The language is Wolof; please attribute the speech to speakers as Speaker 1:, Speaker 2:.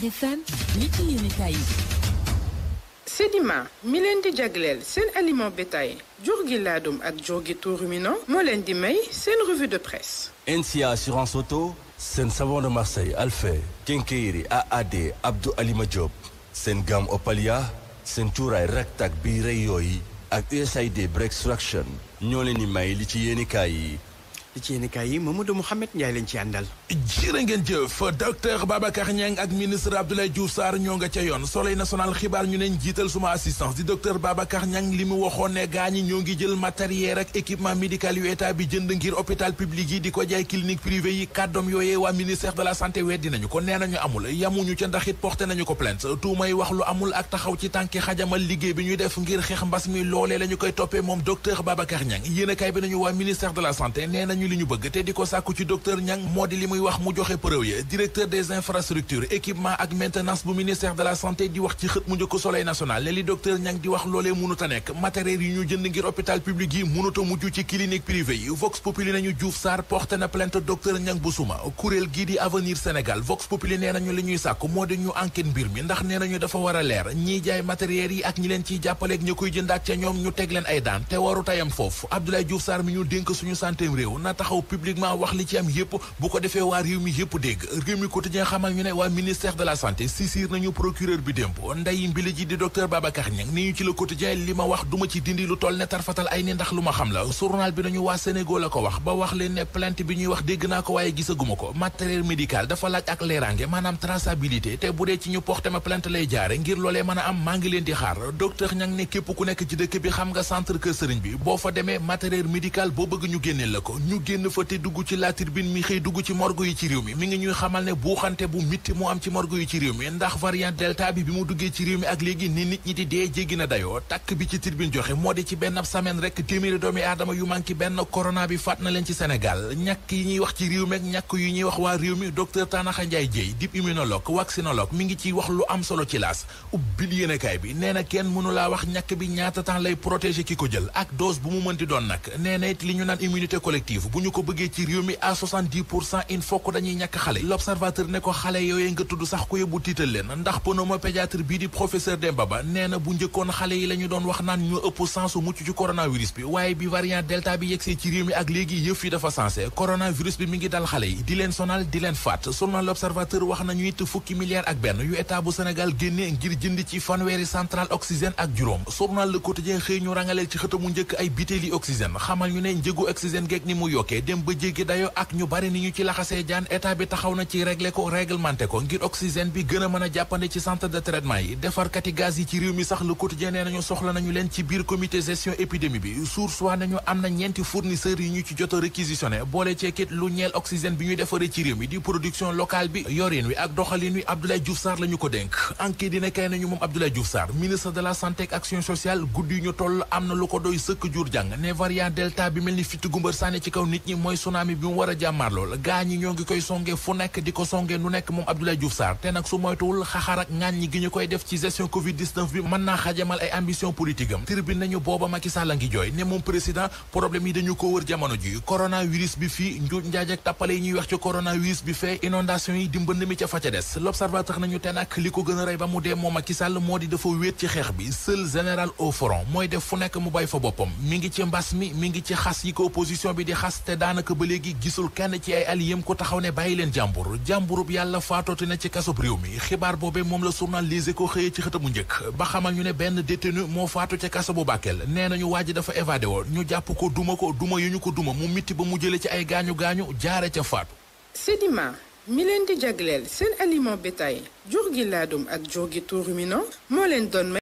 Speaker 1: FM li ci yéenekaay yi Sedima mi di aliment bétail jur gi ak jur gi tout ruminant di may sen revue de presse NCA assurance auto un savon de Marseille Alfa Kenkeyri AAD Abdou Alima Diop sen gamme Opalia sen touray raktak bi rey yooyu ak USAID Break Action ñoo leen di li ci li ci yéenekaay yi Mamadou Mouhamed lañ ci àndal jërë ngeen jëf docteur Babacar Niang ak ministre Abdoulaye Diouf Sarr ñoo nga ca yoon soleil national xibaar ñu neen jiital suma assistance di docteur Babacar Niang li mu waxoon ne gaañi ñoo ngi jël matériel ak équipement médical yu état bi jënd ngir hôpital public yi di ko jaay clinique privée yi kàddoom yooyee waa ministère de la santé weddi nañu ko nee nañu amul yamuñu ca ndax it porté nañu ko plainte tuumay wax lu amul taxaw ci tànki xajamal liggéey bi ñuy def ngir xeex mbas mi loolee la ñu koy toppee moom docteur Babacar Niang yéenekaay bi ñu bëgg te di ko sàkku ci docteur Niang moo di li muy wax mu joxe preuve yi directeur des infrastructures équipement ak maintenance bu ministère la santé di wax ci xët mu njëkk soleil national ne li docteur Niang di wax loolee mënut a nekk matériel yi ñu jënd ngir hôpital public yi mënut a mujj ci clinique privée yi vox populi nañu Diouf Sarr porté na plainte docteur Niang bu suma kuréel gii di avenir Sénégal vox populi nee nañu li ñuy sàkku moo di ñu enquête mbir mi ndax nee nañu dafa war a leer ñiy jaay matériel yi ak ñi leen ci jàppale jàppaleeg ñi koy jëndaat ca ñoom ñu teg leen ay daan te waru tayam foofu Abdoulaye Diouf Sarr mi ñu dénk suñu santé na taxaw publiquement wax li ci am yëpp bu ko defee waa réew mi yëpp dégg réew mi quotidien xamal ñu ne waa ministère de la santé saisir nañu procureur bi démb nday mbili ji di docteur Babacar Niang ni ñu ci la quotidien li ma wax duma ci dindi lu toll ne tarfatal ay ni ndax lu ma xam la journal bi nañu waa Sénégal la ko wax ba wax leen ne bi ñuy wax dégg naa ko waaye gisaguma ko matériel médical dafa laaj ak leeraange maanaam traçabilité te bu dee ci ñu porté ma plainte lay jaare ngir loolee mën a am maa ngi leen di xaar docteur Niang ne ku nekk ci dëkk bi xam nga centre kër sëriñ bi boo fa demee matériel médical boo bëgg ñu la ko ñu génn fa te dugg ci La Tribune mi xëy dugg ci morgue yi ci réew mi mi ngi ñuy xamal ne buuxante bu mitti moo am ci morgue yi ci réew mi ndax variant delta bi bi mu duggee ci réew mi ak léegi ni nit ñi di dee jéggi na dayoo takk bi ci tirbin joxe moo di ci benn ab semaine rek téeméeri doomi aadama yu manqué benn corona bi faat na leen ci Sénégal ñàkk yi ñuy wax ci réew mi ak ñàkk yi ñuy wax waa réew mi docteur Tanaxa Ndiaye Dieye dib immunologue vaccinologue mi ngi ciy wax lu am solo ci laas ubbil bi nee na kenn mënu wax ñàkk bi ñaata temps lay protéger ki ko jël ak dose bu mu mënti doon nag nee na it li ñu naan immunité collective bu ñu ko bëggee ci réew mi à 70 pour dañuy ñàkk xale l'observateur ne ko xale yooyee nga tudd sax ku yóbbu tiital leen ndax pneumo-pédiatre bii di professeur Demba Ba nee na bu njëkkoon xale yi la ñu doon wax naan ñoo ëpp sens su mucc ci coronavirus bi waaye bi variant delta bi yegsee ci réew mi ak léegi yëf yi dafa sensé coronavirus bi mi ngi dal xale yi di leen sonal di leen faat journal l'observateur wax nañu it fukki milliards ak benn yu état bu Sénégal génnee ngir jënd ci fanweeri central oxygène ak juróom journal Le Quotidien xëy ñu rangaleel ci xëtamu njëkk ay bitéeli oxygène ne njëgu oxygène geeg ni mu yokkee dem ba jéggi dayo ak ñu bari ni ñu ci laxasee jaan état bi taxaw na ci régler ko réglementé ko ngir oxygène bi gën a jàppande ci centre de traitement yi defarkati gaz yi ci réew mi sax le quotidien nee nañu soxla nañu leen ci biir comité gestion épidémie bi source waa nañu am na ñeenti fournisseurs yi ñu ci jot a boole ceekit lu ñeel oxygène bi ñuy defaree ci réew mi di production locale bi yorin wi ak doxalin wi Abdoulaye Diouf Sarr ko nit ñi mooy tsunami bi mu war a jàmmaar lool gaa ñoo ngi koy songe fu nekk di ko songe nu nekk moom Abdoulaye Diouf te nag su moytuwul xaxar ak ŋaañ gi ñu koy def ci gestion covid bi mën naa xajamal ay ambition politique am tribune nañu booba Macky Sall a ngi jooy ne moom président problème yi dañu ko wër jamono ji coronavirus bi fii njuuj njaaj ak tappale yi ñuy wax ci coronavirus bi fee inondation yi di mbënd mi ca fa ca des l'observateur te daanaka ba léegi gisul kenn ci ay aliyem ko taxaw ne bàyyi leen jàmbur jàmburub yàlla faatooti na ci kasub réew mi xibaar boobe moom la journal Les Échos xëyee ci xëtamu njëkk ba xamal ñu ne benn détenu moo faatu ca kaso bu Bakel nee nañu waa ji dafa évadé ñu jàpp ko duma ko duma yu ñu ko duma mu mitti ba mu jële ci ay gaañu-gaañu jaare ca faatu Sedima mi leen di jagleel seen aliment bétail jur gi laadum ak jur gi tout ruminant moo leen doon